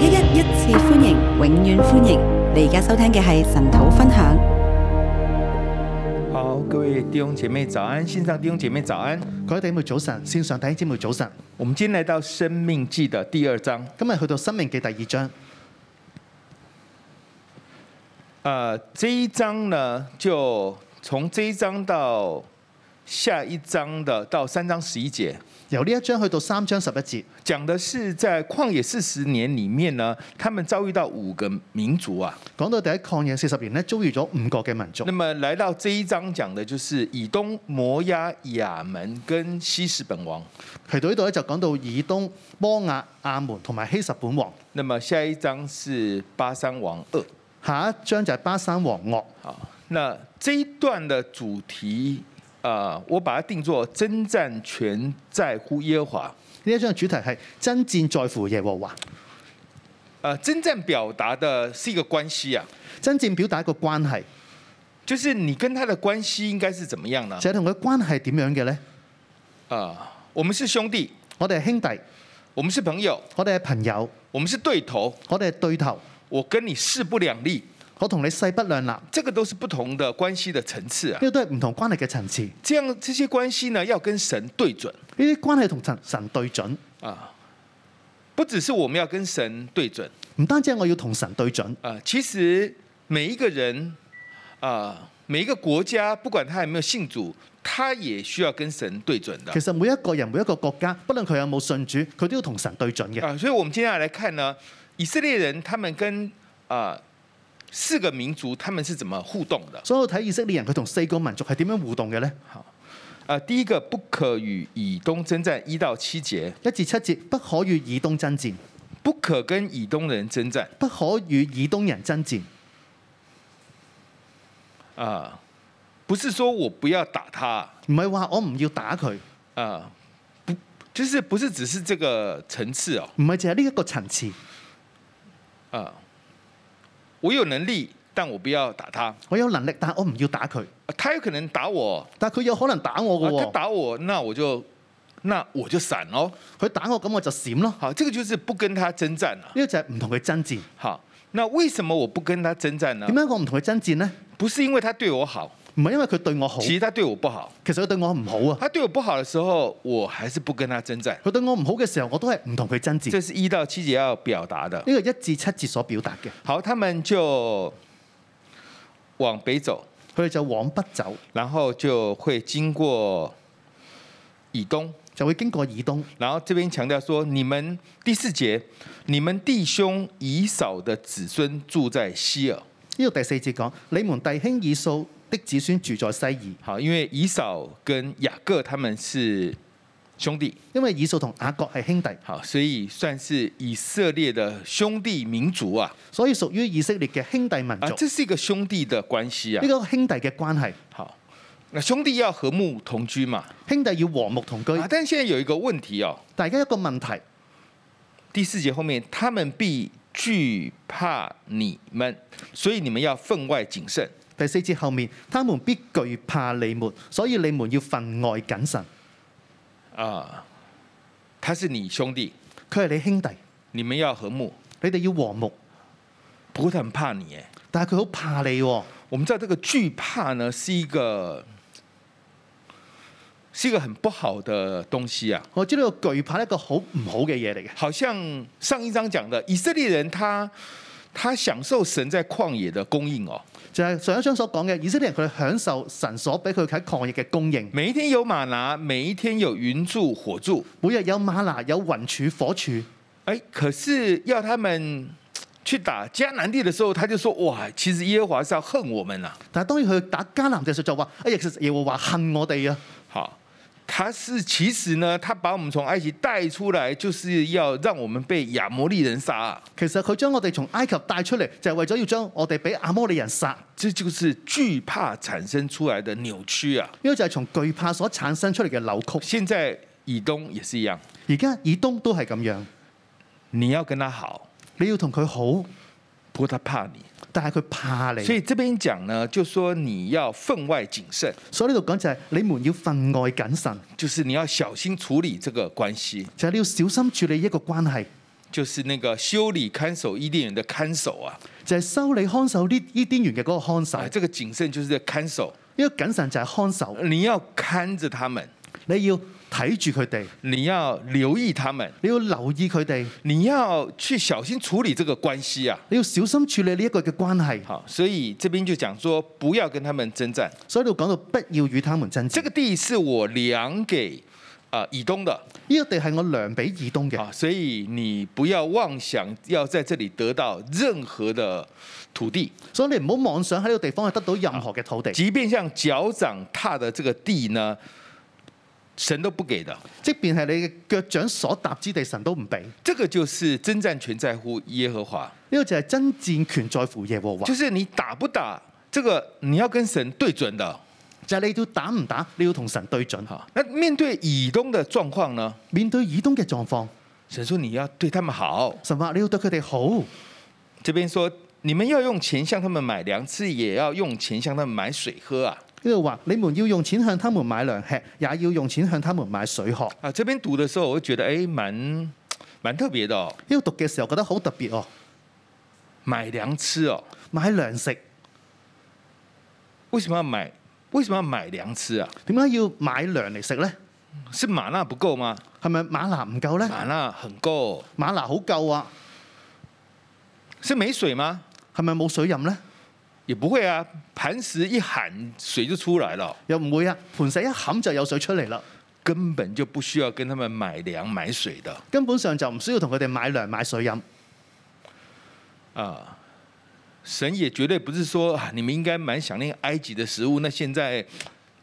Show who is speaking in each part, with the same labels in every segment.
Speaker 1: 一一一次歡迎，永遠歡迎！你而家收聽嘅係神土
Speaker 2: 分享。好，各位弟兄姐妹早安，線上弟兄姐妹早安，各位弟兄姊妹早晨，線上弟兄姊妹，早晨。我們今天來到生命記的第二章，今日去到生命記第二章。
Speaker 3: 啊、
Speaker 2: 呃，這一章呢，就從這一章到下一章的到三章十一節。由呢一章去到三章十一節，講的是在曠野四十年裏面呢，他們遭遇到五個民族啊。講到第一曠野四十年呢，遭遇咗五個嘅民族。那麼來到這一章講的，就是以東摩押亞門跟希實本王。去到呢度咧，就講到以東摩押亞門同埋希實本王。那麼下一章是巴山王惡，下一章就係巴山王惡。啊，那這一段的主題。啊！我把它定做征戰全在乎耶和華，呢一張主題係征戰在乎耶和華。征戰表達的是一個關係啊！征戰表達一個關係，就是你跟他的關係應該是怎麼樣呢？即係同佢關係點樣嘅咧？啊，我們是兄弟，我哋係兄弟；我們是朋友，我哋係朋友；我們是對頭，我哋係對頭；我跟你勢不兩立。我同你勢不兩立，這個都是不同的關係的層次啊，呢個都係唔同關係嘅層次。這樣這些關係呢，要跟神對準。呢啲關係同神神對準啊，不只是我們要跟神對準，唔單止我要同神對準啊。其實每一個人啊，每一個國家，不管他有冇信主，他也需要跟神對準的。其實每一個人每一個國家，不論佢有冇信主，佢都要同神對準嘅。啊，所以我們接下來看呢，以色列人，他們跟啊。四個民族他們是怎麼互動的？所以，我睇以色列人佢同四個民族係點樣互動嘅呢、呃？第一個不可與以東征戰一到七節，一至七節不可與以東征戰，不可跟以東，不可跟以東人征戰，不可與以東人征戰。啊，不是說我不要打他，唔係話我唔要打佢啊，就是不是只是這個層次啊，唔係就係呢一個層次，啊。呃我有能力，但我不要打他。我有能力，但我唔要打佢。佢、啊、有可能打我，但佢有可能打我嘅、哦啊、打我，那我就，那我就閃咯、哦。佢打我咁，我就閃咯。吓，這個就是不跟他征戰啦、啊。呢個就係唔同佢爭戰。吓，那為什麼我不跟他爭戰呢？點解我唔同佢爭戰呢？不是因為他對我好。唔係因為佢對我好，其實佢對我不好，其實佢對我唔好啊。佢對我不好嘅、啊、時候，我還是不跟他爭執。佢對我唔好嘅時候，我都係唔同佢爭執。這是一到七節要表達嘅，呢個一至七節所表達嘅。好，他們就往北走，佢哋就往北走，然後就會經過以東，就會經過以東。然後這邊強調說，你們第四節，你們弟兄以掃的子孫住在西爾。呢個第四節講，你們弟兄以掃。的子孫住在西珥。好，因為以掃跟雅各他們是兄弟，因為以掃同雅各係兄弟，好，所以算是以色列的兄弟民族啊，所以屬於以色列嘅兄弟民族，啊。這是一個兄弟的關係啊，呢個兄弟嘅關係。好，那兄弟要和睦同居嘛，兄弟要和睦同居，啊。但現在有一個問題哦，大家一個問題，問題第四節後面，他們必懼怕你們，所以你們要分外謹慎。第四節後面，他們必懼怕你們，所以你們要分外謹慎。啊，uh, 他是你兄弟，佢係你兄弟，你們要和睦，你哋要和睦。不過佢很怕你，但係佢好怕你，哦。我唔知道，這個懼怕呢，是一個，是一個很不好的東西啊！我知道懼怕一個好唔好嘅嘢嚟嘅，好像上一章講的，以色列人他，他他享受神在曠野的供應哦。就係上一章所講嘅，以色列人佢享受神所俾佢喺曠野嘅供應，每一天有嗎哪，每一天有雲柱火柱，每日有嗎哪有雲柱火柱。哎，可是要他們去打迦南地嘅時候，他就說：哇，其實耶和華是要恨我們啦、啊。但係當然佢打迦南地嘅時候就話：哎、欸、呀，耶和華恨我哋啊。嚇！他是其實呢，他把我們從埃及帶出來，就是要讓我們被亞摩利人殺啊。其實佢將我哋從埃及帶出嚟，就係為咗要將我哋俾阿摩利人殺。這就是懼怕產生出來的扭曲啊！因為就係從懼怕所產生出嚟嘅扭曲。現在以東也是一樣。而家以東都係咁樣。你要跟他好，你要同佢好，不過他怕你。但係佢怕你，所以這邊講呢，就說你要分外謹慎。所以呢度講就係，你們要分外謹慎，就是你要小心處理這個關係。就係你要小心處理一個關係，就是那個修理看守伊甸園的看守啊。就係修理看守伊甸園嘅嗰個看守。啊，這個謹慎就是看守。呢個謹慎就係看守。你要看着他們，你要。睇住佢哋，你要留意他們，你要留意佢哋，你要去小心處理這個關係啊！你要小心處理呢一個嘅關係。好，所以這邊就講說，不要跟他們爭戰。所以我講到不要與他們爭戰。這個地是我量給啊、呃、以東的，呢個地係我量俾以東嘅。所以你不要妄想要在這裏得到任何的土地。所以你唔好妄想喺呢個地方去得到任何嘅土地，即便像腳掌踏的這個地呢？神都不給的，即便係你嘅腳掌所踏之地，神都唔俾。這個就是，這是真戰權在乎耶和華。呢個就係真戰權在乎耶和華。就是你打不打，這個你要跟神對準的。即係你都打唔打，你要同神對準。吓好，那面對以東嘅狀況呢？面對以東嘅狀況，神說你要對他們好。神話你要對佢哋好。這邊說，你們要用錢向他們買糧吃，也要用錢向他們買水喝啊。呢度話，你們要用錢向他們買糧吃，也要用錢向他們買水喝。啊，這邊讀的時候，我會覺得誒，蠻、欸、蠻特別的、哦。呢度讀嘅時候覺得好特別哦，買糧吃哦，買糧食。為什麼要買？為什麼要買糧吃啊？點解要買糧嚟食呢？是馬納不夠嗎？係咪馬納唔夠呢？馬納很夠、哦，馬納好夠啊。是沒水嗎？係咪冇水飲呢？也不會啊，盤石一喊，水就出來了。又唔會啊，盤石一冚就有水出嚟啦。根本就不需要跟他們買糧買水的。根本上就唔需要同佢哋買糧買水飲。啊，神也絕對不是說你們應該蠻想念埃及的食物，那現在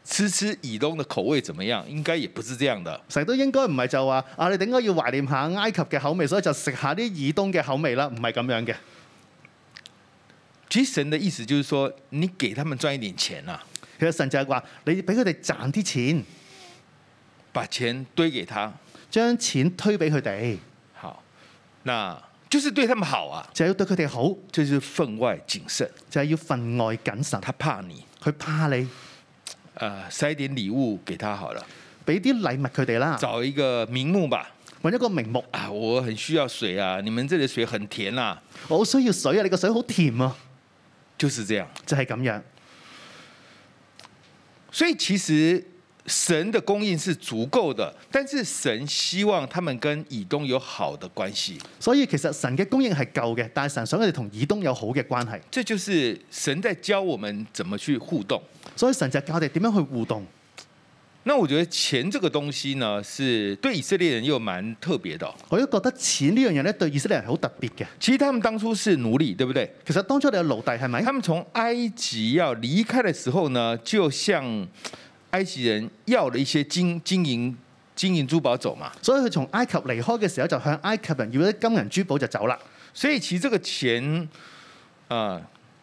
Speaker 2: 吃吃以東的口味怎麼樣？應該也不是這樣的。成日都應該唔係就話啊，你哋應該要懷念下埃及嘅口味，所以就食下啲以東嘅口味啦，唔係咁樣嘅。其實神的意思就是說，你給他們賺一點錢啊。其實神就係話，你俾佢哋賺啲錢，把錢堆給他，將錢推俾佢哋。好，那就是對他們好啊。就係要對佢哋好，就是分外謹慎，就係要分外謹慎。他怕你，佢怕你。誒，塞點禮物給他好啦，俾啲禮物佢哋啦。找一個名目吧，搵一個名目啊！我很需要水啊，你們這裏水很甜啊。我好需要水啊，你個水好甜啊。就是這樣，就係噉樣。所以其實神的供應是足夠的，但是神希望他們跟以東有好的關係。所以其實神嘅供應係夠嘅，但係神想我哋同以東有好嘅關係。這就是神在教我們怎麼去互動。所以神就教我哋點樣去互動。那我覺得錢這個東西呢，是對以色列人又蠻特別的。我都覺得錢呢樣嘢咧，對以色列人係好特別嘅。其實他們當初是奴隸，對不對？其實當初你要奴隸係咪？他們從埃及要離開的時候呢，就向埃及人要了一些金金銀金銀珠寶走嘛。所以佢從埃及離開嘅時候，就向埃及人要啲金銀珠寶就走啦。所以其實這個錢，啊、呃。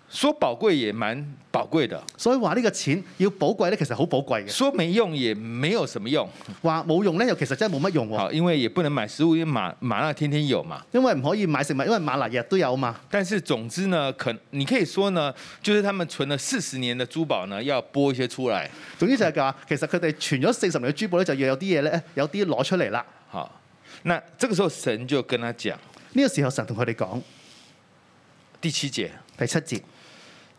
Speaker 2: 說寶貴也蠻寶貴的，所以話呢個錢要寶貴呢，其實好寶貴嘅。說沒用也沒有什麼用，話冇 用呢，又其實真係冇乜用喎，啊。因為也不能買食物，因為馬馬辣天天有嘛。因為唔可以買食物，因為馬辣日都有嘛。但是總之呢，可你可以說呢，就是他們存咗四十年的珠寶呢，要播一些出來。總之就係噶，其實佢哋存咗四十年嘅珠寶呢，就要有啲嘢呢，有啲攞出嚟啦。好，那這個時候神就跟他講，呢個時候神同佢哋講，第七節，第七節。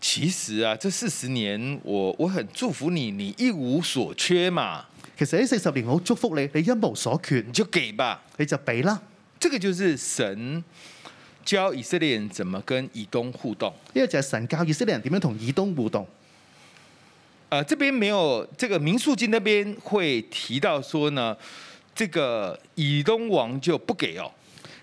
Speaker 2: 其實啊，這四十年我我很祝福你，你一無所缺嘛。其實呢四十年我祝福你，你一無所缺，就你就給吧，你就俾啦。這個就是神教以色列人怎麼跟以東互動，呢個就係神教以色列人點樣同以東互動。啊、呃，這邊沒有，這個民數記那邊會提到說呢，這個以東王就不給哦。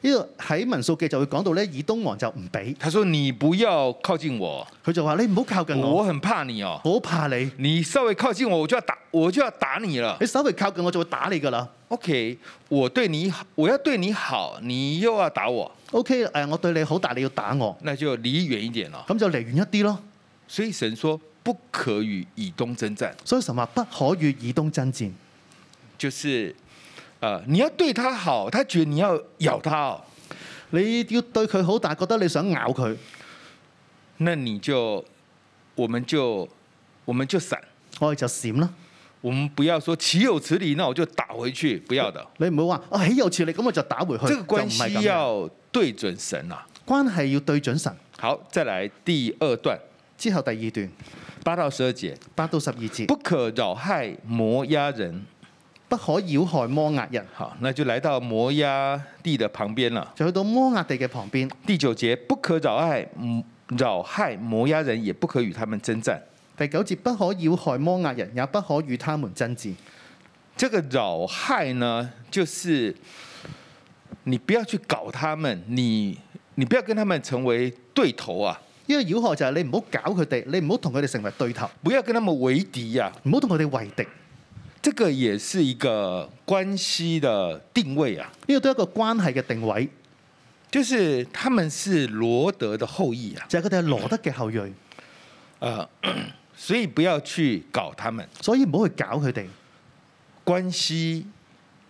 Speaker 2: 呢個喺《民數記》就會講到咧，以東王就唔俾。佢說你不要靠近我，佢就話你唔好靠近我。我很怕你哦，我怕你。你稍微靠近我，我就要打，我就要打你啦。你稍微靠近我，就會打你㗎啦。OK，我對你我要對你好，你又要打我。OK，誒，我對你好，但你要打我，那就離遠一點咯。咁就離遠一啲咯。所以神說不可與以東爭戰。所以神話不可與以東爭戰，就是。你要對他好，他覺得你要咬他、哦。你要對佢好，但係覺得你想咬佢，那你就，我們就，我們就閃，我哋就閃啦。我們不要說豈有此理，那我就打回去，不要的。你唔好話啊，豈、啊、有此理，咁我就打回去。這個關係要對準神啦、啊，關係要對準神。好，再來第二段，之後第二段，八到十二節，八到十二節，不可擾害摩押人。不可擾害摩押人，好，那就來到摩押地的旁邊啦，就去到摩押地嘅旁邊。第九節，不可擾害，擾害摩押人，也不可與他們爭戰。第九節，不可擾害摩押人，也不可與他們爭戰。這個擾害呢，就是你不要去搞他們，你你不要跟他們成為對頭啊。因為擾害就係你唔好搞佢哋，你唔好同佢哋成為對頭。不要跟他們為敵啊，唔好同佢哋為敵。這個也是一個關係的定位啊，呢個都有一個關係嘅定位，就是他們是羅德的後裔啊，就係佢哋係羅德嘅後裔，呃，所以不要去搞他們，所以唔好去搞佢哋，關係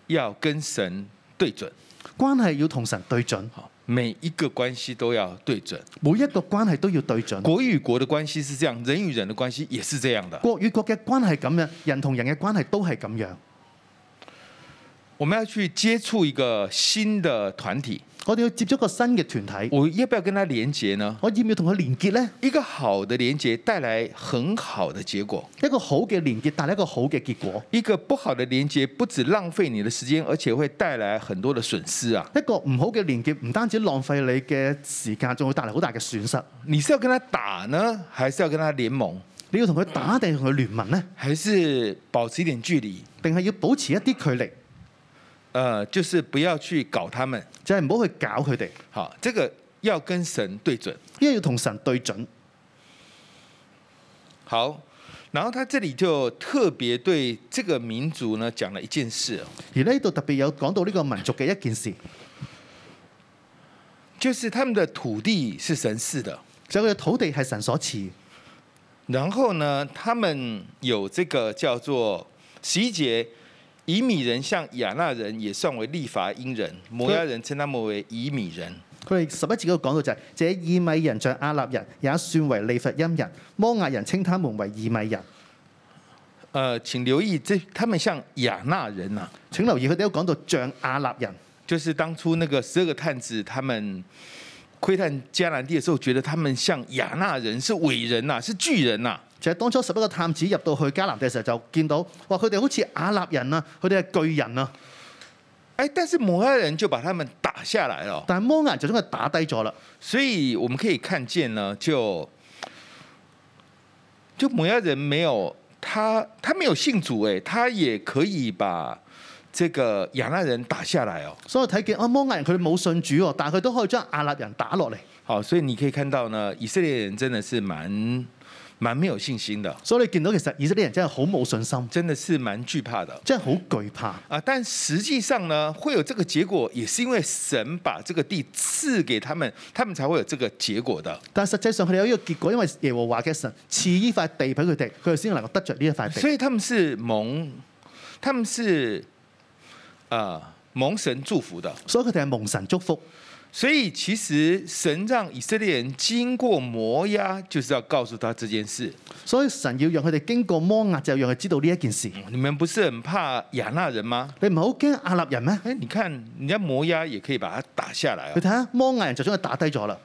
Speaker 2: 要跟神對準，關係要同神對準哈。每一個關係都要對準，每一個關係都要對準。國與國的關係是這樣，人與人的關係也是這樣的。國與國嘅關係咁樣，人同人嘅關係都係咁樣。我們要去接觸一個新的團體。我哋要接觸一個新嘅團體，我要不要跟他連接呢？我要唔要同佢連接呢？一個好的連接帶來很好的結果，一個好嘅連接帶來一個好嘅結果。一個不好的連接，不止浪費你的時間，而且會帶來很多的損失啊！一個唔好嘅連接，唔單止浪費你嘅時間，仲會帶來好大嘅損失。你是要跟他打呢，還是要跟他聯盟？你要同佢打定同佢聯盟呢？還是保持一點距離，定係要保持一啲距離？呃，就是不要去搞他們，即係唔好去搞佢哋，好，這個要跟神對準，因為要同神對準。好，然後他這裏就特別對這個民族呢講了一件事。而呢度特別有講到呢個民族嘅一件事，就是他們的土地是神賜的，這個土地係神所賜。然後呢，他們有這個叫做十一節以米人像雅納人也算為利法因人，摩押人稱他們為以米人。佢哋十一節嗰度講到就係、是，這以米人像亞納人也算為利法因人，摩押人稱他們為以米人。呃，請留意，即係他們像雅納人啊，請留意佢哋都講到像亞納人，就是當初那個十二個探子他們窺探迦南地嘅時候，覺得他們像雅納人，是偉人啊，是巨人啊。就係當初十一個探子入到去迦南地嘅時候，就見到哇！佢哋好似亞納人啊，佢哋係巨人啊。哎、欸，但係摩亞人就把佢哋打下來咯，但係摩亞人就將佢打低咗啦。所以我們可以看見呢，就就摩亞人沒有他，他沒有信主，哎，他也可以把這個亞納人打下來哦。所以睇見啊，摩亞人，佢哋冇信主哦，但係佢都可以將亞納人打落嚟。好，所以你可以看到呢，以色列人真的是蠻。蠻沒有信心的，所以你見到其實以色列人，真係毫無信心，真的是蠻懼怕的，真係好懼怕啊！但實際上呢，會有這個結果，也是因為神把這個地賜給他們，他們才會有這個結果的。但實際上佢哋有一個結果，因為耶和華嘅神賜呢塊地俾佢哋，佢哋先能夠得着呢一塊地。所以他們是蒙，他們是啊、呃、蒙神祝福的，所以佢哋係蒙神祝福。所以其實神讓以色列人經過摩押，就是要告訴他這件事。所以神要讓他們經過摩押，就要讓他知道呢一件事。你們不是很怕亞衲人嗎？你唔好驚亞衲人咩？哎、欸，你看人家摩押也可以把他打下來啊。你睇下摩押人就將佢打低咗啦。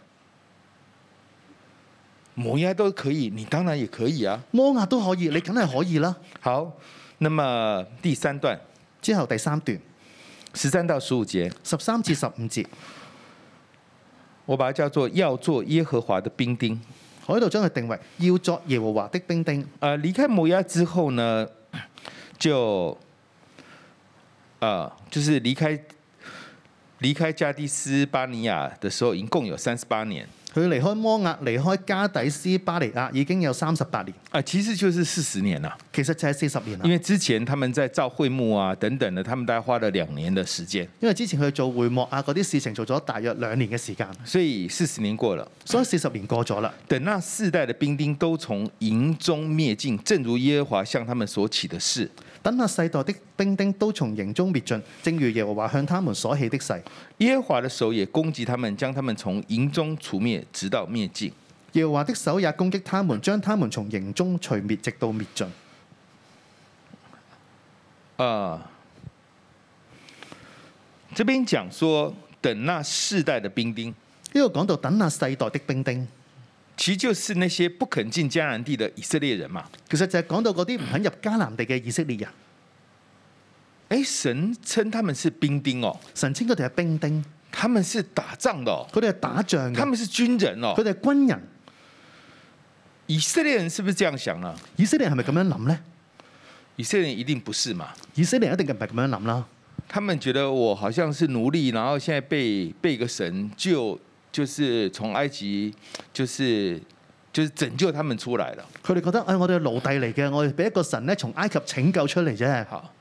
Speaker 2: 摩押都可以，你當然也可以啊。摩押都可以，你梗係可以啦。好，那麼第三段之後第三段十三到十五節，十三至十五節。我把它叫做要做耶和華的兵丁，我喺度將佢定為要做耶和華的兵丁。誒，離開摩押之後呢，就，啊、呃，就是離開離開加底斯巴尼亞的時候，一共有三十八年。佢離開摩押，離開加底斯巴尼亞已經有三十八年。啊，其實就是四十年了。其實就係四十年啦。因為之前他們在造會幕啊等等的，他們大概花了兩年的時間。因為之前去做會幕啊嗰啲事情做咗大約兩年嘅時間。所以四十年過了。所以四十年過咗啦。等那世代的兵丁都從營中滅盡，正如耶和華向他們所起的誓。等那世代的兵丁都從營中滅盡，正如耶和華向他們所起的誓。耶和華的手也攻擊他們，將他們從營中除滅，直到滅盡。耶和華的手也攻擊他們，將他們從營中除滅，直到滅盡。啊、呃，這邊講說等那世代的兵丁，呢個講到等那世代的兵丁，其實就是那些不肯進迦南地的以色列人嘛。其實就係講到嗰啲唔肯入迦南地嘅以色列人。誒、欸，神稱他們是兵丁哦，神稱佢哋係兵丁，他們是打仗咯，佢哋係打仗，他們是軍人咯、哦，佢哋係軍人。以色列人是不是這樣想啊、以色列人是不是這樣想呢？以色列人係咪咁樣諗呢？以色列人一定不是嘛？以色列人一定唔係咁樣諗啦。他們覺得我好像是奴隸，然後現在被被一個神救，就是從埃及，就是就是拯救他們出來了。佢哋覺得哎，我哋奴隸嚟嘅，我哋俾一個神咧從埃及拯救出嚟啫。好，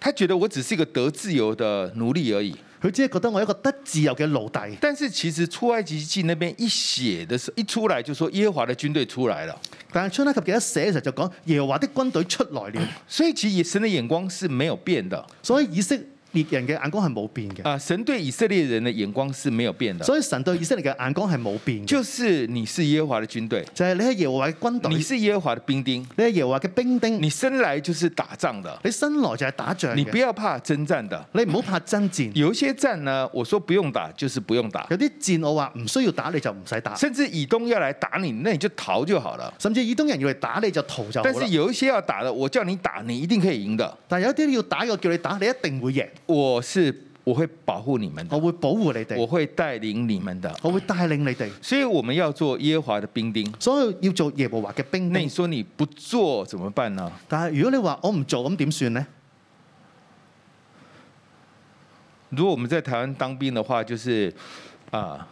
Speaker 2: 他覺得我只是一個得自由的奴隸而已。佢只係覺得我是一個得自由嘅奴隸，但是其實出埃及記那邊一寫嘅時候，一出來，就說，出來就說耶和華的軍隊出來了。但係出埃及記一寫嘅時候就講耶和華的軍隊出來了，所以其實神的眼光是沒有變的。所以儀式。獵人嘅眼光係冇變嘅啊！神對以色列人嘅眼光是沒有變的，所以神對以色列嘅眼光係冇變的。就是你是耶和華嘅軍隊，就係你係耶和華嘅軍隊，你是耶和華嘅兵丁，你係耶和華嘅兵丁。你生來就是打仗嘅，你生來就係打仗的。你不要怕爭戰嘅，你唔好怕爭戰。有一些戰呢，我說不用打，就是不用打。有啲戰我話唔需要打，你就唔使打。甚至以東要來打你,那你就逃就好了。甚至以東人要嚟打你，就逃就好了。但是有一些要打嘅，我叫你打，你一定可以贏嘅。但係有啲要打，我叫你打，你一定會贏。我是我會保護你們，我會保護你哋，我會帶領你們的，我會帶領你哋。所以我們要做耶和華的兵丁，所以要做耶和華嘅兵丁。那你說你不做怎麼辦呢？但係如果你話我唔做咁點算呢？如果我們在台灣當兵的話，就是啊，呃、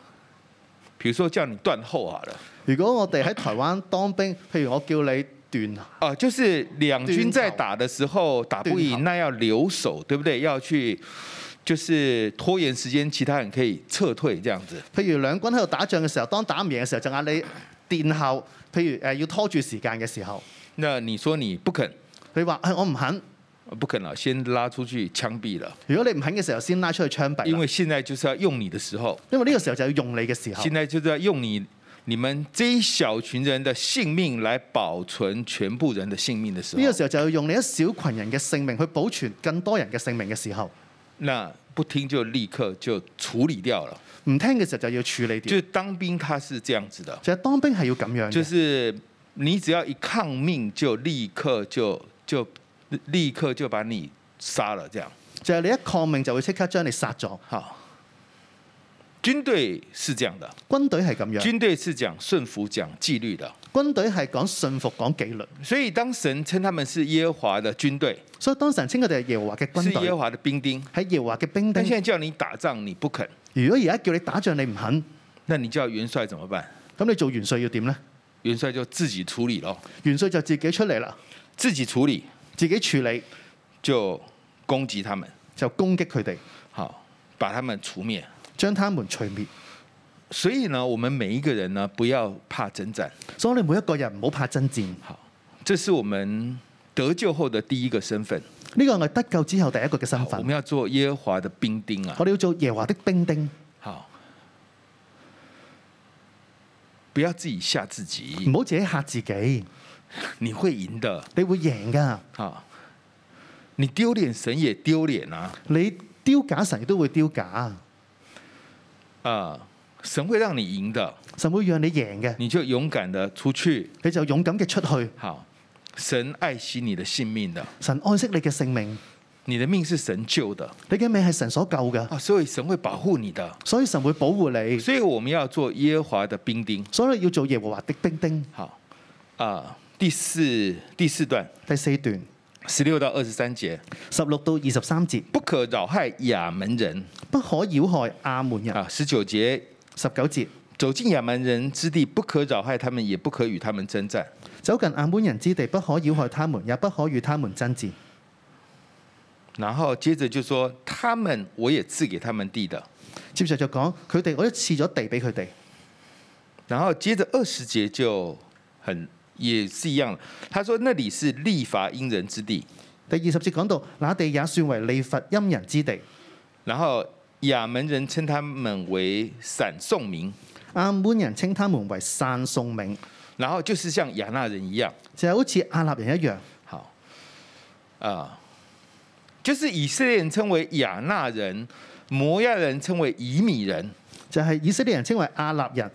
Speaker 2: 譬如說叫你斷後啊啦。如果我哋喺台灣當兵，譬如我叫你。啊，就是兩軍在打的時候斷後打不贏，那要留守，對不對？要去就是拖延時間，其他人可以撤退，這樣子。譬如兩軍喺度打仗嘅時候，當打唔贏嘅時候就嗌你殿後。譬如誒、呃、要拖住時間嘅時候，那你說你不肯？佢話、哎、我唔肯，不肯啦，先拉出去槍斃啦。如果你唔肯嘅時候，先拉出去槍斃。因為現在就是要用你嘅時候。因為呢個時候就要用你嘅時候。現在就是要用你你們這一小群人的性命來保存全部人的性命的時候，呢個時候就要用你一小群人嘅性命去保存更多人嘅性命嘅時候，那不聽就立刻就處理掉了。唔聽嘅時候就要處理掉，即係當兵他是這樣子的，其實當兵係要咁樣，就是你只要一抗命就立刻就就立刻就把你殺了，這樣就係你一抗命就會即刻將你殺咗，吓。軍隊是這樣的，軍隊係咁樣，軍隊是講順服、講紀律的。軍隊係講順服、講紀律。所以當神稱他們是耶和華的軍隊，所以當神稱佢哋係耶和華嘅軍隊，是耶和華的,的兵丁，喺耶和華嘅兵丁。但係現在叫你打仗，你不肯。如果而家叫你打仗，你唔肯，那你叫元帥怎麼辦？咁你做元帥要點呢？元帥就自己處理咯。元帥就自己出嚟啦，自己處理，自己處理就攻擊他們，就攻擊佢哋，好，把他們除滅。將他們除滅，所以呢，我們每一個人呢，不要怕征戰。所以，我哋每一個人唔好怕征戰。好，這是我們得救後的第一個身份。呢個係得救之後第一個嘅身份。我們要做耶和華的兵丁啊！我哋要做耶和華的兵丁。好，不要自己嚇自己。唔好自己嚇自己。你會贏的。你會贏㗎。好，你丟臉神也丟臉啊！你丟架神亦都會丟架。啊、呃！神會讓你贏的，神會讓你贏嘅，你就勇敢的出去，你就勇敢的出去。好，神愛惜你的性命的，神愛惜你嘅性命，你的命是神救的，你嘅命係神所救嘅，呃，所以神會保護你的，所以神會保護你，所以我們要做耶和華的兵丁，所以要做耶和華的兵丁。好，啊，第四第四段第四段。第四段十六到二十三節，十六到二十三節，不可擾害亞門人，不可擾害亞門人。啊，十九節，十九節，走近亞門人之地，不可擾害他們，也不可與他們爭戰。走近亞門人之地，不可擾害他們，也不可與他們爭戰。然後接着就說，他們我也賜給他們地的。接著就講，佢哋我一賜咗地俾佢哋。然後接着二十節就很。也是一樣，他說那裡是利乏音人之地。第二十節講到那地也算為利乏音人之地。然後亞捫人稱他們為散送冥，亞捫人稱他們為散送冥。然後就是像亞衲人一樣，就好似亞衲人一樣。好，啊、呃，就是以色列人稱為亞衲人，摩押人稱為以米人，就係以色列人稱為亞衲人。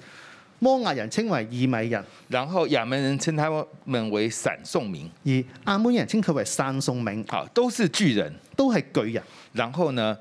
Speaker 2: 摩亞人稱為以米人，然後亞門人稱他們為散送名，而阿門人稱佢為山送名。好，都是巨人，都係巨人。然後呢，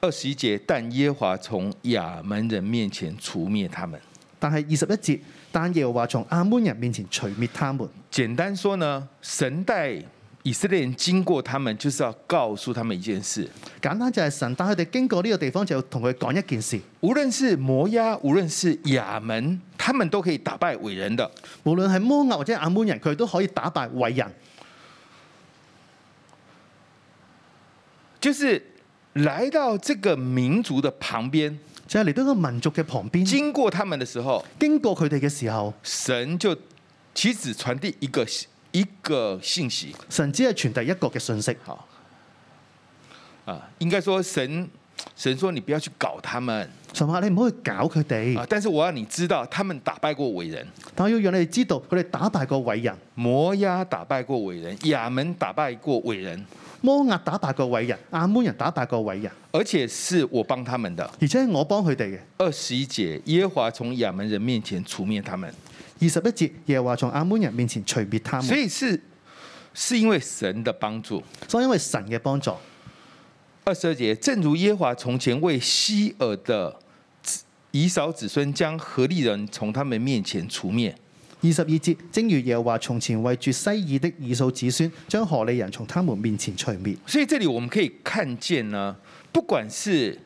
Speaker 2: 二十節但耶華從亞門人面前除滅他們，但係二十一節但耶華從阿門人面前除滅他們。簡單說呢，神在。以色列人經過他們，就是要告訴他們一件事。簡單就係神，但佢哋經過呢個地方就同佢講一件事。無論是摩押，無論是亞門，他們都可以打敗偉人的。無論係摩押或者亞門人，佢哋都可以打敗偉人。就是來到這個民族的旁邊，即係嚟到個民族嘅旁邊，經過他們的時候，經過佢哋嘅時候，神就其實傳遞一個。一個信息，神只係傳遞一個嘅信息。好啊，應該說神，神說你不要去搞他們，神話你唔好去搞佢哋。啊，但是我要你知道，他們打敗過偉人，但我要讓你知道佢哋打敗過偉人，摩押打敗過偉人，亞門打敗過偉人，摩押打敗過偉人，亞門人打敗過偉人，而且是我幫他們的，而且我幫佢哋嘅。二十一節，耶和華從亞門人面前除滅他們。二十一節，耶和華從亞捫人面前除滅他們，所以是是因為神的幫助。所以因為神嘅幫助。二十二節，正如耶和華從前為希珥的以嫂子孫將何利人從他們面前除滅。二十二節，正如耶和華從前為住西珥的以掃子孫將何利人從他們面前除滅。所以這裏我們可以看見呢，不管是。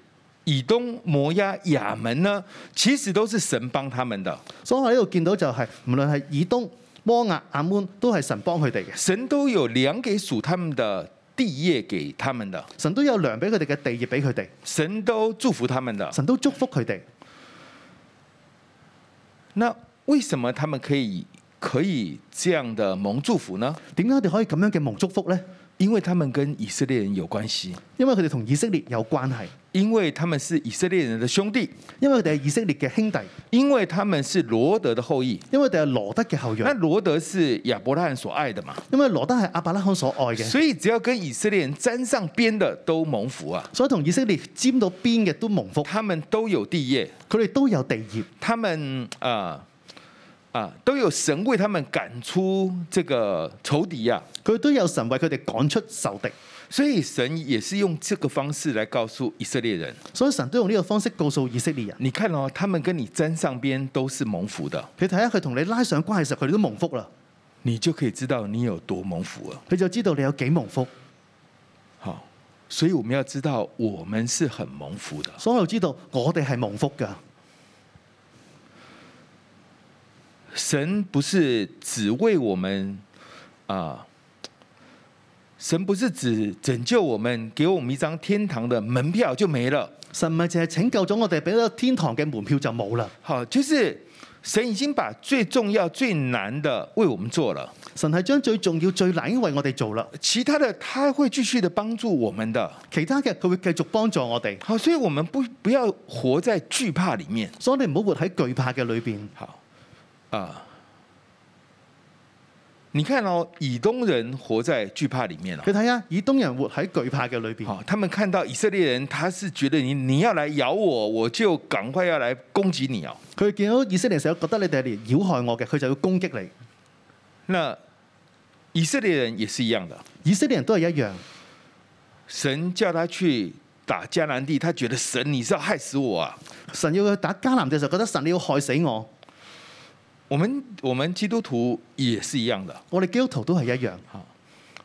Speaker 2: 以東摩押亞門呢，其實都是神幫他們的。所以我呢度見到就係、是，無論係以東摩押亞門，都係神幫佢哋嘅。神都有量給屬他們的地業給他們的，神都有糧俾佢哋嘅地業俾佢哋，神都祝福他們的，神都祝福佢哋。那為什麼他們可以可以這樣的蒙祝福呢？點解佢哋可以咁樣嘅蒙祝福呢？因為他們跟以色列人有關係，因為佢哋同以色列有關係，因為他們是以色列人的兄弟，因為佢哋係以色列嘅兄弟，因為他們是羅德嘅後裔，因為佢哋係羅德嘅後裔。那羅德是亞伯拉罕所愛的嘛？因為羅德係亞伯拉罕所愛嘅，所以只要跟以色列人沾上邊的都蒙福啊！所以同以色列沾到邊嘅都蒙福，他們都有地業，佢哋都有地業，他們啊。呃都有神為他們趕出這個仇敵呀，佢都有神為佢哋趕出仇敵，所以神也是用這個方式來告訴以色列人。所以神都用呢個方式告訴以色列人。你看哦，他們跟你爭上邊都是蒙福的。你睇下佢同你拉上關係時候，佢哋都蒙福啦。你就可以知道你有多蒙福啦。佢就知道你有幾蒙福。好，所以我們要知道我們是很蒙福的。所以知道我哋係蒙福嘅。神不是只為我們，啊！神不是只拯救我們，給我們一張天堂的門票就沒了。神唔係拯救咗我哋，俾咗天堂嘅門票就冇啦。好，就是神已經把最重要最難的為我們做了。神係將最重要最難嘅為我哋做了。其他的他會繼續的幫助我們的，其他嘅佢會繼續幫助我哋。好，所以我們不不要活在懼怕裏面。所以唔好活喺懼怕嘅裏邊。好。啊！你看咯、哦，以東人活在懼怕裏面咯、啊。佢睇下，以東人活喺懼怕嘅裏邊。哦、啊，他們看到以色列人，他是覺得你你要來咬我，我就趕快要來攻擊你哦、啊。佢見到以色列時候，覺得你哋嚟要害我嘅，佢就要攻擊你。那以色列人也是一樣的，以色列人都係一樣。神叫他去打迦南地，他覺得神你是要害死我啊！神要去打迦南地時候，覺得神你要害死我。我們我們基督徒也是一樣的，我哋基督徒都係一樣。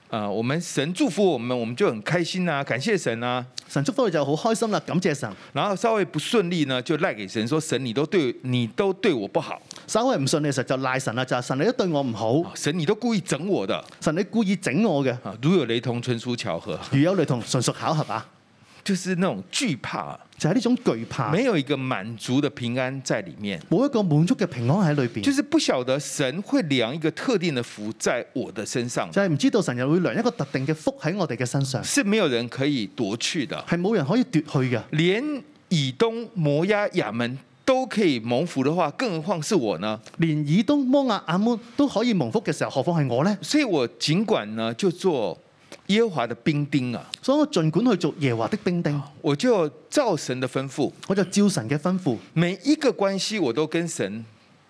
Speaker 2: 啊，我們神祝福我們，我們就很開心啊，感謝神啊。神祝福你就好開心啦，感謝神。然後稍微不順利呢，就賴給神說，說神你都對你都對我不好。稍微唔順利嘅時候就賴神啦，就係、神你都對我唔好，神你都故意整我嘅，神你故意整我嘅。如有雷同，純屬巧合；如有雷同書，純屬巧合啊。就是那種懼怕，就係呢種懼怕，沒有一個滿足的平安在裏面，冇一個滿足嘅平安喺裏邊。就是不曉得神會量一個特定的福在我的身上的，就係唔知道神又會量一個特定嘅福喺我哋嘅身上。是沒有人可以奪去的，係冇人可以奪去嘅。連以東摩押亞門都可以蒙福的話，更何況是我呢？連以東摩押亞門都可以蒙福嘅時候，何況係我呢？所以我盡管呢就做。耶和華的兵丁啊！所以我儘管去做耶和華的兵丁，我就照神的吩咐，我就照神嘅吩咐，每一個關係我都跟神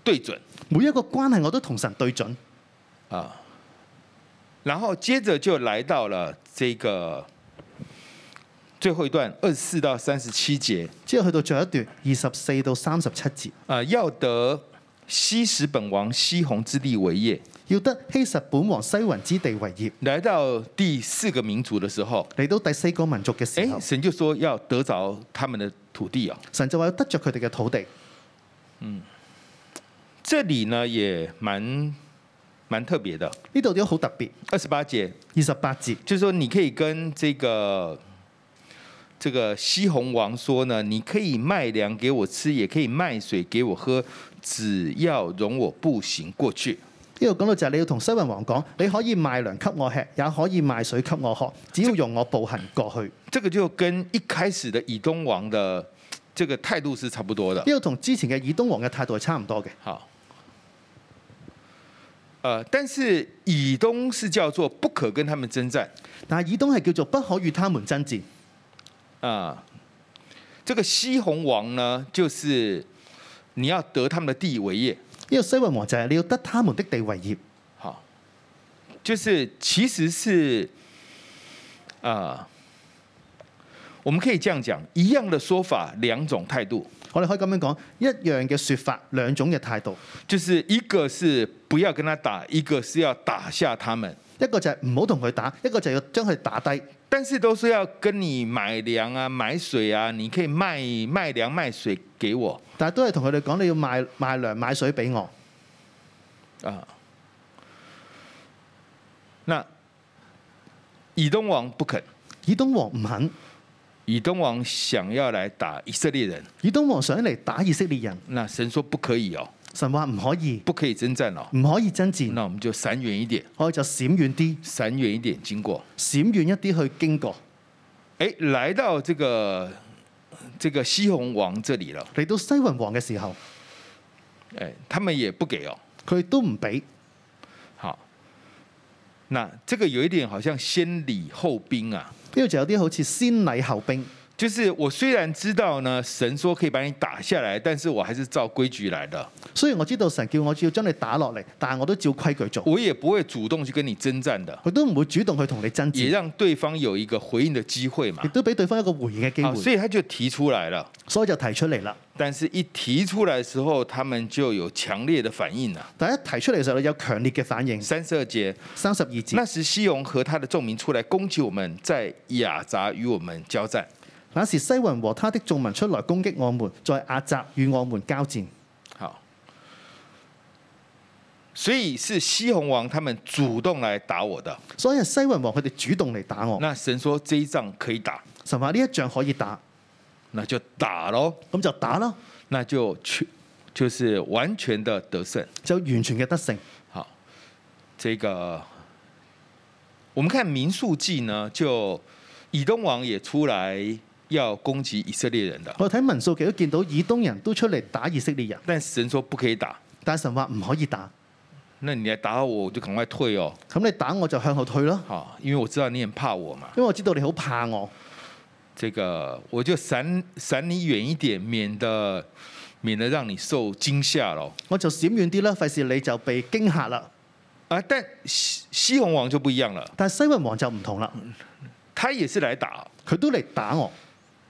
Speaker 2: 對準，每一個關係我都同神對準啊。然後接着就來到了這個最後一段二十四到三十七節，即係去到最後一段二十四到三十七節啊，要得西實本王西宏之地為業。要得希實本王西雲之地為業。來到第四個民族的時候，嚟到第四個民族嘅時候，神就說要得着他們的土地啊、哦！神就話要得着佢哋嘅土地。嗯，這裏呢也蠻蠻特別的。呢度都好特別。二十八節，二十八節，就是說你可以跟這個這個西虹王說呢，你可以賣糧給我吃，也可以賣水給我喝，只要容我步行過去。呢個講到就係你要同西雲王講，你可以賣糧給我吃，也可以賣水給我喝，只要用我步行過去。即係佢呢個就跟一開始的以東王的這個態度是差不多的。呢個同之前嘅以東王嘅態度係差唔多嘅。好、呃。但是以東是叫做不可跟他們爭戰，但以東係叫做不可與他們爭戰。啊、呃，這個西紅王呢，就是你要得他們的地為業。呢個西王母就係你要得他們的地為業吓，就是其實是，啊、呃，我們可以這樣講，一樣的說法，兩種態度，我哋可以咁樣講，一樣嘅說法，兩種嘅態度，就是一個是不要跟他打，一個是要打下他們，一個就係唔好同佢打，一個就係要將佢打低。但是都是要跟你買糧啊，買水啊，你可以賣賣糧賣水給我，但係都係同佢哋講你要賣賣糧買水俾我，啊，那以東王不肯，以東王唔肯，以東王想要來打以色列人，以東王想嚟打以色列人，那神說不可以哦。神話唔可以，不可以征戰咯、哦，唔可以征戰。那我們就閃遠一點，可以就閃遠啲，閃遠一點經過，閃遠一啲去經過。誒、欸，來到這個這個西紅王這裏了。嚟到西雲王嘅時候，誒、欸，他們也不給哦，佢都唔俾。好，那這個有一點好像先禮後兵啊，呢度就有啲好似先禮後兵。就是我雖然知道呢，神說可以把你打下來，但是我還是照規矩來的。雖然我知道神叫我只要將你打落來，但係我都照規矩做。我也不會主動去跟你征戰的。他都唔會主動去同你征戰。也讓對方有一個回應的機會嘛。也都俾對方一個回應嘅機會。所以他就提出來了。所以就提出嚟啦。但是一提出來的時候，他們就有強烈的反應啦。第一提出嚟嘅時候，有強烈嘅反應。三十二節，三十二節。那時西宏和他的眾民出來攻擊我們，在雅雜與我們交戰。那時西云和他的眾民出來攻擊我們，在雅雜與我們交戰。好，所以是西虹王他們主動來打我的。所以西云王佢哋主動嚟打我。那神說：呢一仗可以打。神話呢一仗可以打，那就打咯，咁就打咯，那就全，就是完全的得勝，就完全嘅得勝。好，這個我們看民數記呢，就以東王也出來，要攻擊以色列人的，我睇文書都見到以東人都出嚟打以色列人，但神說不可以打，但神話唔可以打，那你嚟打我，我就趕快退哦。咁、嗯、你打我就向後退咯。好、啊，因為我知道你很怕我嘛，因為我知道你好怕我，這個我就閃閃你遠一點，免得免得讓你受驚嚇咯。我就閃遠啲啦，費事你就被驚嚇啦、啊。但西西宏王就不一樣了，但西宏王就唔同啦、嗯，他也是嚟打，佢都嚟打我。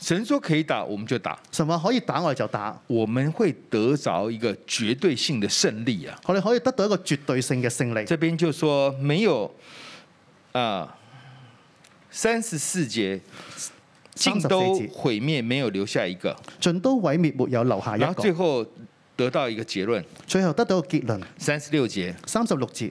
Speaker 2: 神說可以打，我們就打；神話可以打，我哋就打，我們會得着一個絕對性的勝利啊！我哋可以得到一個絕對性的勝利。這邊就是說沒有啊，三十四節盡都毀滅，沒有留下一個；盡都毀滅，沒有留下一個。然後最後得到一個結論，最後得到一個結論。三十六節，三十六節。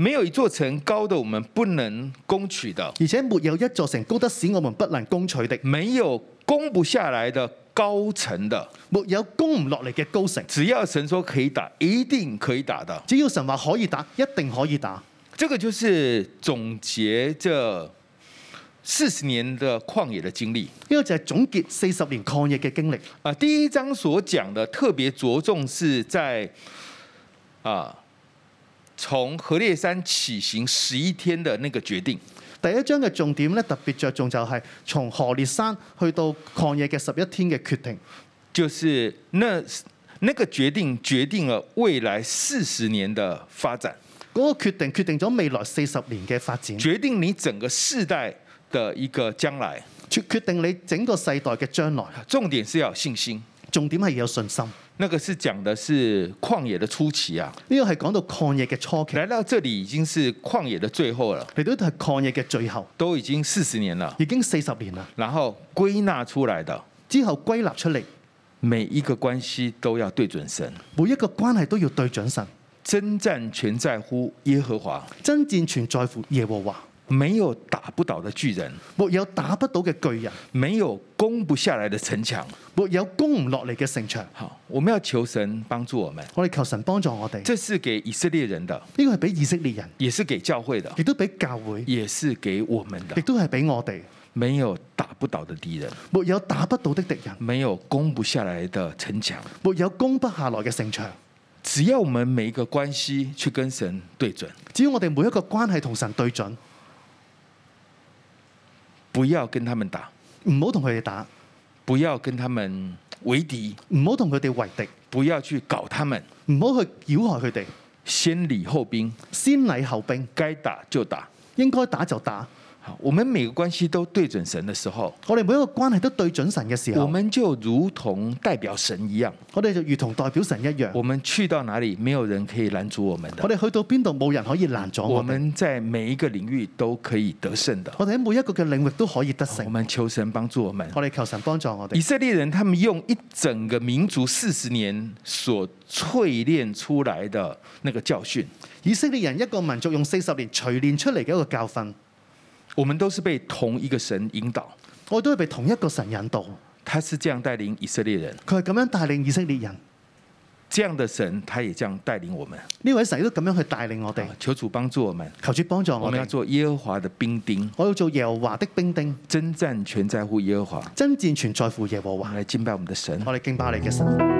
Speaker 2: 沒有一座城高的，我們不能攻取的；而且沒有一座城高得使我們不能攻取的。沒有，的的沒有攻不下來的高城的，沒有攻唔落嚟嘅高城。只要神說可以打，一定可以打的；只要神話可以打，一定可以打。這個就是總結這四十年的曠野的經歷，呢個就係總結四十年曠野嘅經歷。啊，第一章所講的特別着重是在啊。從何烈山起行十一天的那個決定，第一章嘅重點咧特別着重就係從何烈山去到曠野嘅十一天嘅決定，就是那那個決定決定了未來四十年嘅發展。個決定決定咗未來四十年嘅發展，決定你整個世代嘅一個將來，決定你整個世代嘅將來。重點是要有信心，重點係要有信心。那個是講的是曠野的初期啊，呢個係講到曠野嘅初期。來到這裏已經是曠野嘅最後了，嚟到係曠野嘅最後，都已經四十年了，已經四十年了，然後歸納出來的，之後歸納出嚟，每一個關係都要對準神，每一個關係都要對準神，爭戰全在乎耶和華，爭戰全在乎耶和華。沒有打不倒的巨人，沒有打不倒嘅巨人，沒有攻不下來的城牆，沒有攻唔落嚟嘅城牆。好，我們要求神幫助我們，我哋求神幫助我哋。這是給以色列人的，呢個係俾以色列人，也是給教會的，亦都俾教會，也是給我們的，亦都係俾我哋。沒有打不倒的敵人，沒有打不倒的敵人，沒有攻不下來的城牆，沒有攻不下來嘅城牆。只要我們每一個關係去跟神對準，只要我哋每一個關係同神對準。不要跟他們打，唔好同佢哋打，不要跟他們為敵，唔好同佢哋為敵，不要去搞他們，唔好去擾害佢哋，先禮後兵，先禮後兵，該打就打，應該打就打。我們每個關係都對準神的時候，我哋每一個關係都對準神嘅時候，我們就如同代表神一樣，我哋就如同代表神一樣。我們去到哪裡，沒有人可以攔阻我們的。我哋去到邊度，冇人可以攔阻。我們在每一個領域都可以得勝的。我哋喺每一個嘅領域都可以得勝。我們求神幫助我們。我哋求神幫助我哋。以色列人，他們用一整個民族四十年所淬煉出來的那個教訓。以色列人一個民族用四十年錘煉出嚟嘅一個教訓。我們都是被同一個神引導，我都是被同一個神引導。他是這樣帶領以色列人，佢係咁樣帶領以色列人。這樣的神，他也這樣帶領我們。呢位神都咁樣去帶領我哋。求主幫助我們，求主幫助我哋。我要做耶和華的兵丁，我要做耶和華的兵丁。爭戰全在乎耶和華，爭戰全在乎耶和華。我哋敬拜我們的神，我哋敬拜你嘅神。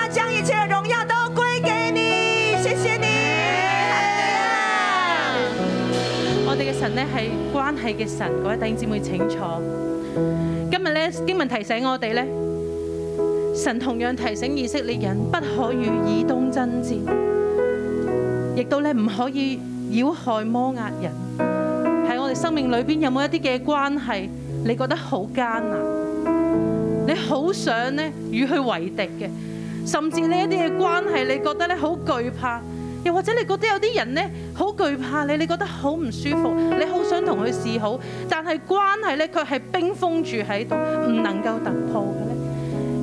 Speaker 4: 咧係關係嘅神，各位弟兄姊妹請坐。今日呢，經文提醒我哋呢，神同樣提醒以色列人不可，真正不可以以東爭戰，亦都咧唔可以擾害摩押人。喺我哋生命裏邊有冇一啲嘅關係，你覺得好艱難？你好想呢與佢為敵嘅，甚至呢一啲嘅關係，你覺得咧好懼怕？又或者你覺得有啲人呢，好懼怕你，你覺得好唔舒服，你好想同佢示好，但係關係咧佢係冰封住喺度，唔能夠突破嘅咧。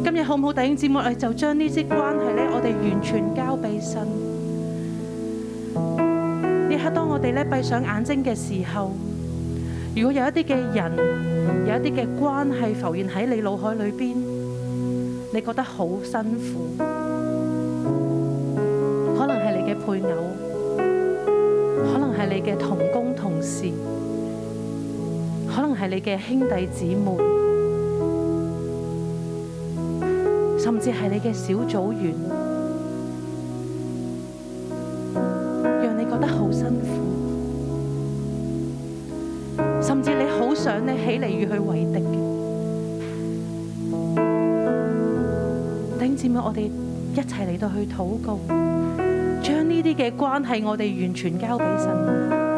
Speaker 4: 今日好唔好弟兄姊妹，我哋就將呢啲關係咧，我哋完全交俾神。呢刻當我哋咧閉上眼睛嘅時候，如果有一啲嘅人，有一啲嘅關係浮現喺你腦海裏邊，你覺得好辛苦。你嘅兄弟姊妹，甚至係你嘅小組員，讓你覺得好辛苦，甚至你好想你起嚟與佢為敵。弟兄姊妹，我哋一齊嚟到去禱告，將呢啲嘅關係，我哋完全交俾神。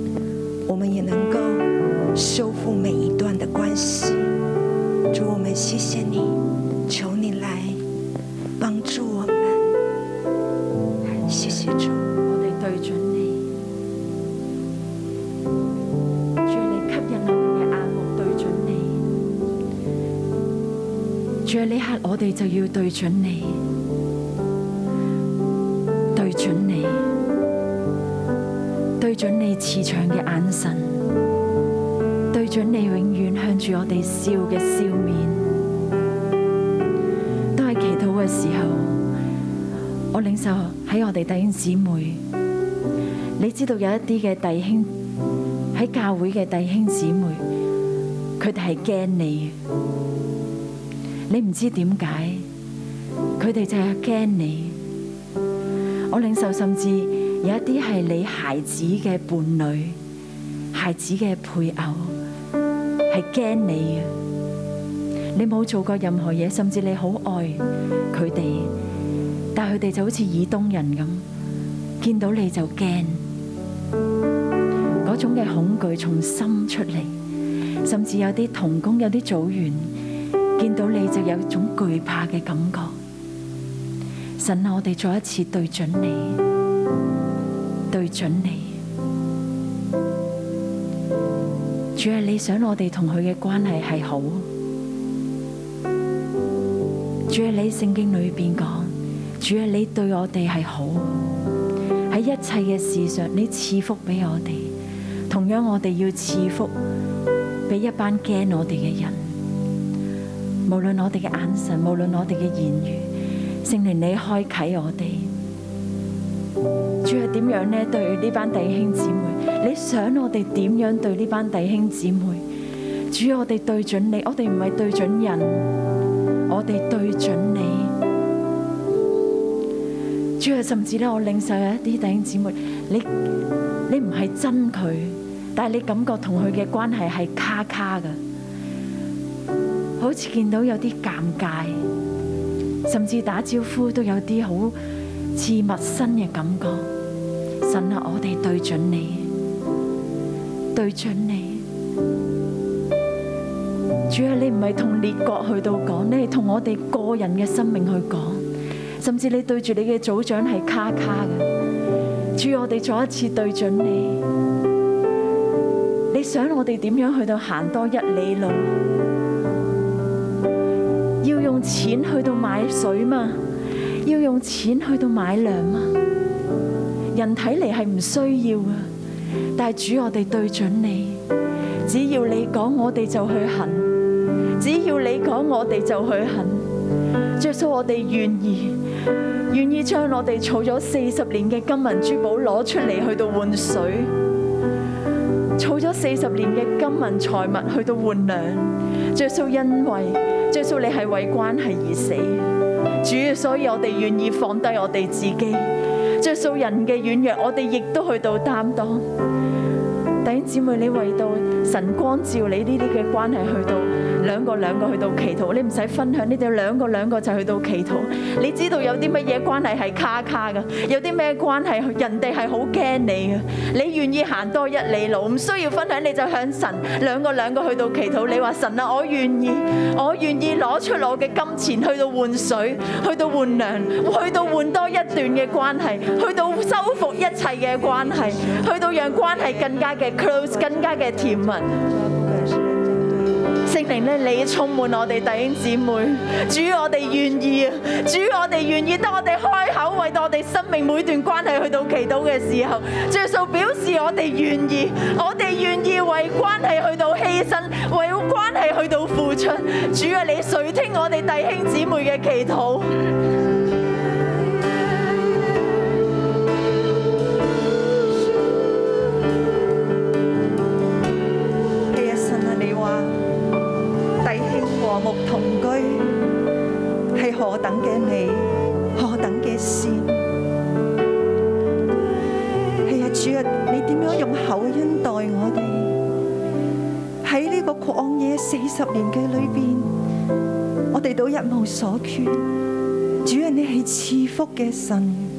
Speaker 5: 要對準你，對準你，對準你慈祥嘅眼神，對準你永遠向住我哋笑嘅笑面。都係祈禱嘅時候，我領袖喺我哋弟兄姊妹，你知道有一啲嘅弟兄喺教會嘅弟兄姊妹，佢哋係驚你。你唔知點解佢哋就係驚你。我領受，甚至有一啲係你孩子嘅伴侶、孩子嘅配偶係驚你嘅。你冇做過任何嘢，甚至你好愛佢哋，但係佢哋就好似以東人咁，見到你就驚。嗰種嘅恐懼從心出嚟，甚至有啲同工，有啲組員。見到你就有一種懼怕嘅感覺。神啊，我哋再一次對準你，對準你。主啊，你想我哋同佢嘅關係係好？主啊，你聖經裏邊講，主啊，你對我哋係好。喺一切嘅事上，你賜福俾我哋。同樣，我哋要賜福俾一班驚我哋嘅人。無論我哋嘅眼神，無論我哋嘅言語，聖靈你開啟我哋。主係點樣咧？對呢班弟兄姊妹，你想我哋點樣對呢班弟兄姊妹？主，我哋對準你，我哋唔係對準人，我哋對準你。主啊，甚至咧，我領受有一啲弟兄姊妹，你你唔係憎佢，但係你感覺同佢嘅關係係卡卡㗎。好似見到有啲尷尬，甚至打招呼都有啲好似陌生嘅感覺。神啊，我哋對準你，對準你。主啊，你唔係同列國去到講，你係同我哋個人嘅生命去講。甚至你對住你嘅組長係卡卡嘅。主，我哋再一次對準你。你想我哋點樣去到行多一里路？錢去到買水嘛？要用錢去到買糧嘛。人睇嚟係唔需要啊，但係主，我哋對準你，只要你講，我哋就去行；只要你講，我哋就去行。着數我哋願意，願意將我哋儲咗四十年嘅金銀珠寶攞出嚟去到換水，儲咗四十年嘅金銀財物去到換糧。着數因為。耶穌你係為關係而死，主，所以我哋願意放低我哋自己，耶穌人嘅軟弱，我哋亦都去到擔當。弟兄姊妹，你為到神光照你呢啲嘅關係去到。兩個兩個去到祈禱，你唔使分享，呢啲兩個兩個就去到祈禱。你知道有啲乜嘢關係係卡卡㗎，有啲咩關係，人哋係好驚你嘅。你願意行多一里路，唔需要分享，你就向神兩個兩個去到祈禱。你話神啊，我願意，我願意攞出我嘅金錢去到換水，去到換糧，去到換多一段嘅關係，去到修復一切嘅關係，去到讓關係更加嘅 close，更加嘅甜蜜。你充滿我哋弟兄姊妹，主我哋願意，主我哋願意，當我哋開口為到我哋生命每段關係去到祈禱嘅時候，最數表示我哋願意，我哋願意為關係去到犧牲，為關係去到付出，主啊，你垂聽我哋弟兄姊妹嘅祈禱。
Speaker 1: 睦同居，係何等嘅美，何等嘅善！係呀，主啊，你點樣用厚恩待我哋？喺呢個曠野四十年嘅裏邊，我哋都一無所缺。主啊，你係賜福嘅神。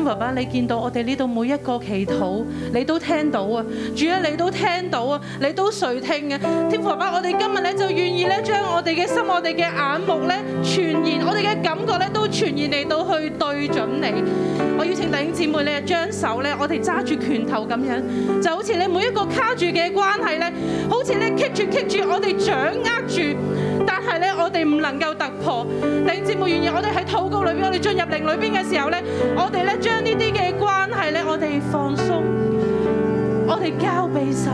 Speaker 4: 天父爸爸，你見到我哋呢度每一個祈禱你都聽到啊！主啊，你都聽到啊！你都誰聽啊，天父爸爸，我哋今日咧就願意咧將我哋嘅心、我哋嘅眼目咧傳言，我哋嘅感覺咧都傳言嚟到去對準你。我邀請弟兄姊妹咧，將手咧，我哋揸住拳頭咁樣，就好似你每一個卡住嘅關係咧，好似咧 kick 住 kick 住，住，我哋掌握住，但係咧，我哋唔能夠。婆，領節目願意我哋喺禱告裏邊，我哋進入靈裏邊嘅時候咧，我哋咧將呢啲嘅關係咧，我哋放鬆，我哋交俾神，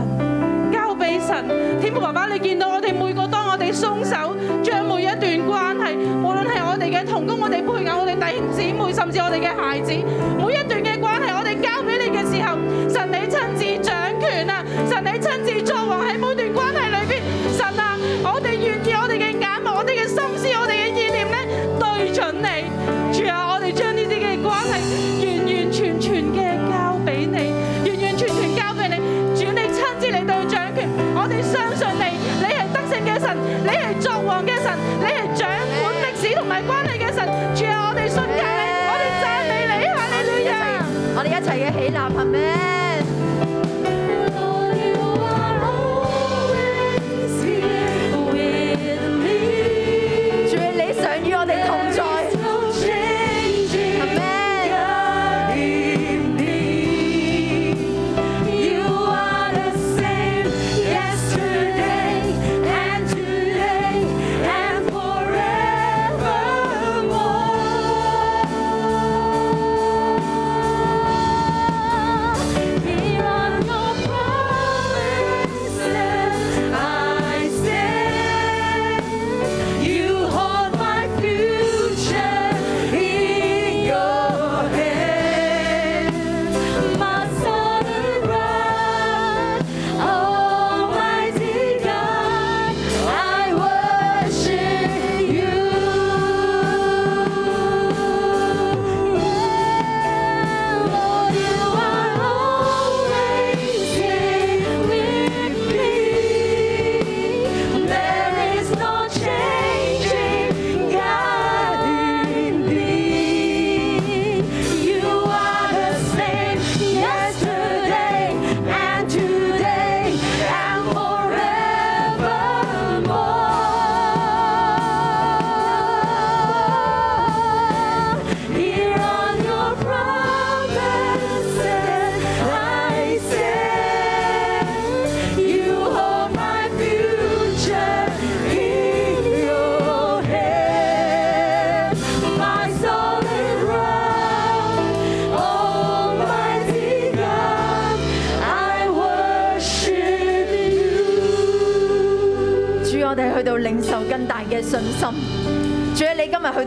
Speaker 4: 交俾神。天父爸爸，你見到我哋每個當我哋鬆手，將每一段關係，無論係我哋嘅同工、我哋配偶、我哋弟兄姊妹，甚至我哋嘅孩子，每一段嘅關係，我哋交俾你嘅時候，神你親自掌權啊，神你親自作王喺每段。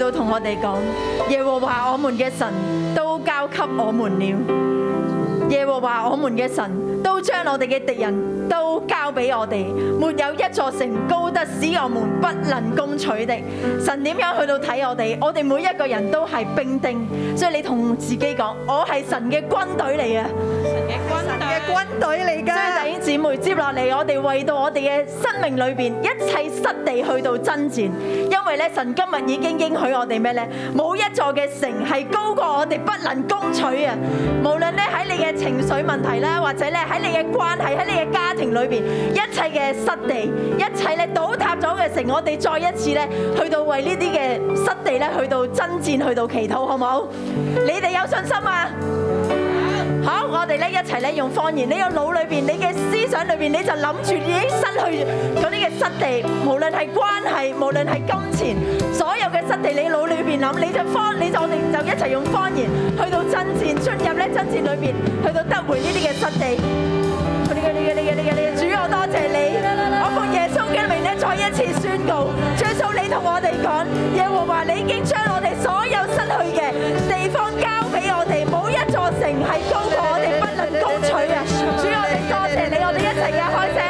Speaker 5: 都同我哋講，耶和華我們嘅神都交給我們了。耶和華我們嘅神都將我哋嘅敵人都交俾我哋，沒有一座城高得使我們不能攻取的。神點樣去到睇我哋？我哋每一個人都係兵丁，所以你同自己講，我係神嘅軍隊嚟嘅。」神嘅軍隊嚟噶，所以弟兄姊妹接，接落嚟我哋為到我哋嘅生命裏邊一切失地去到爭戰。因為神今日已經應許我哋咩咧？冇一座嘅城係高過我哋不能攻取啊！無論咧喺你嘅情緒問題啦，或者咧喺你嘅關係、喺你嘅家庭裏邊，一切嘅失地、一切咧倒塌咗嘅城，我哋再一次咧去到為呢啲嘅失地咧去到爭戰、去到祈禱，好唔好？你哋有信心啊！好，我哋咧一齊咧用方言，你個腦裏邊，你嘅思想裏邊，你就諗住已經失去咗呢個失地，無論係關係，無論係金錢，所有嘅失地，你腦裏邊諗，你就方，你就我哋就一齊用方言去到爭戰，進入咧爭戰裏邊，去到得回呢啲嘅失地。呢個呢個呢個呢個呢個，主，我多謝，謝你，我奉耶穌嘅名咧再一次宣告，耶穌你同我哋講，耶和華你已經將我哋所有失去嘅地方交俾我哋。座城是高過我哋，不能攻取啊！所以，我哋多謝你，我哋一齊嘅開聲。